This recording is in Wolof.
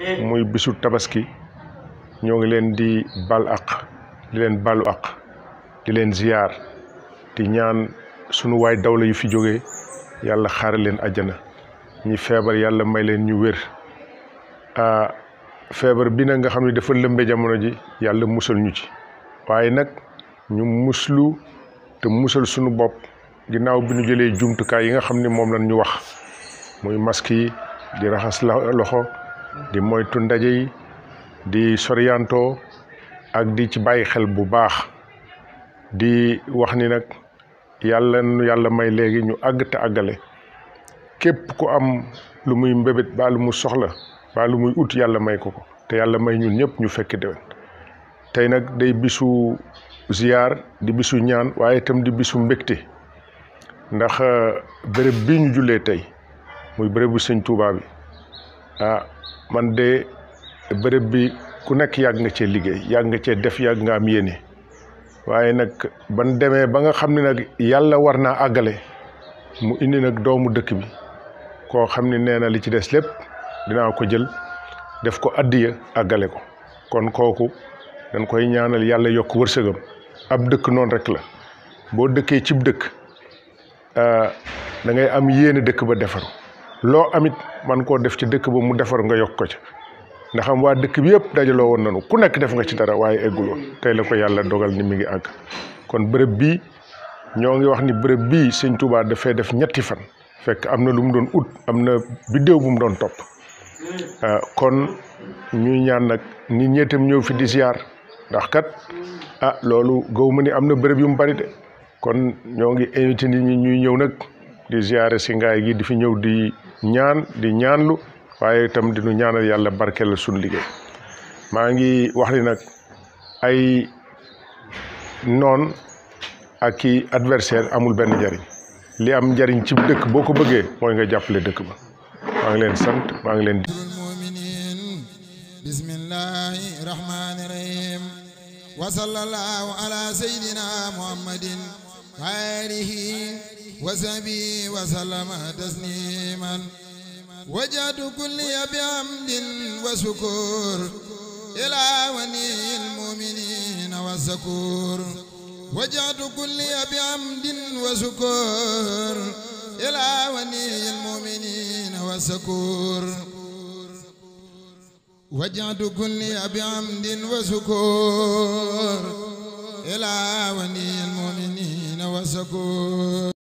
muy bisu tabaski ñoo ngi leen di bal ak di leen balu aq di leen ziyaar di ñaan sunu waay dawla yu fi jóge yàlla xaare leen àjjana ñi feebar yàlla may leen ñu wér feebar bi nag nga xam ne dafa lëmbe jamono ji yàlla musal ñu ci waaye nag ñu muslu te musal sunu bopp ginnaaw bi ñu jëlee jumtukaay yi nga xam ni moom lañ ñu wax muy masque di raxas loxo di moytu ndaje yi di sorianto ak di ci bàyyi xel bu baax di wax ni nag yàlla yàlla may léegi ñu àgg te àggale képp ku am lu muy mbébét baa lu mu soxla baa lu muy ut yàlla may ko ko te yàlla may ñun ñëpp ñu fekk déwén tey nag day bisu ziyaar di bisu ñaan waaye itam di bisu mbégte ndax euh, béréb bi ñu jullee tey muy bérébu sëñ Tuubaa bi ah man de bërëb bi ku nekk yàgg nga cee liggéey yàgg nga cee def yàgg nga am yéene waaye nag ban demee ba nga xam ni nag yàlla war naa àggale mu indi nag doomu dëkk bi koo xam ne nee na li ci des lépp dinaa ko jël def ko addiya àggale ko kon kooku dañ koy ñaanal yàlla yokk wërsëgam ab dëkk noonu rekk la boo dëkkee cib dëkk ah, da am yéene dëkk ba defaru loo amit man koo def ci dëkk ba mu defar nga yokk ko ci ndax am waa dëkk bi yëpp dajaloo woon nanu ku nekk def nga ci dara waaye egguloo tey la ko yàlla dogal ni mi ngi àgg kon bërëb bii ñoo ngi wax ni bërëb bii sëñ Touba dafay def ñetti fan fekk am na lu mu doon ut am na biddéew bu mu doon topp euh, kon ñuy ñaan nag nit ñeetam ñëw fi di ziar ndax kat ah loolu gaw ma ni am na bërëb yu mu bari de kon ñoo ngi invité nit ñi ñuy ñëw nag di ziare si ngaay gi di fi ñëw di ñaan di ñaanlu waaye tam di nu ñaanal yàlla barkeel suñu liggéey maa ngi wax ni nag ay noon ak ki adversaire amul benn njariñ li am njariñ ci dëkk boo ko bëggee mooy nga jàppale dëkk ba maa ngi leen sant maa ngi leen di bismillahi rahmani rahim wa sallallahu ala وآله وصحبه وسلم تسليما وجهت كلي بحمد وشكر إلى ولي المؤمنين والذكور وجهت كلي بحمد وشكر إلى ولي المؤمنين والذكور وجهت كلي بحمد وشكر إلى ولي المؤمنين wasaku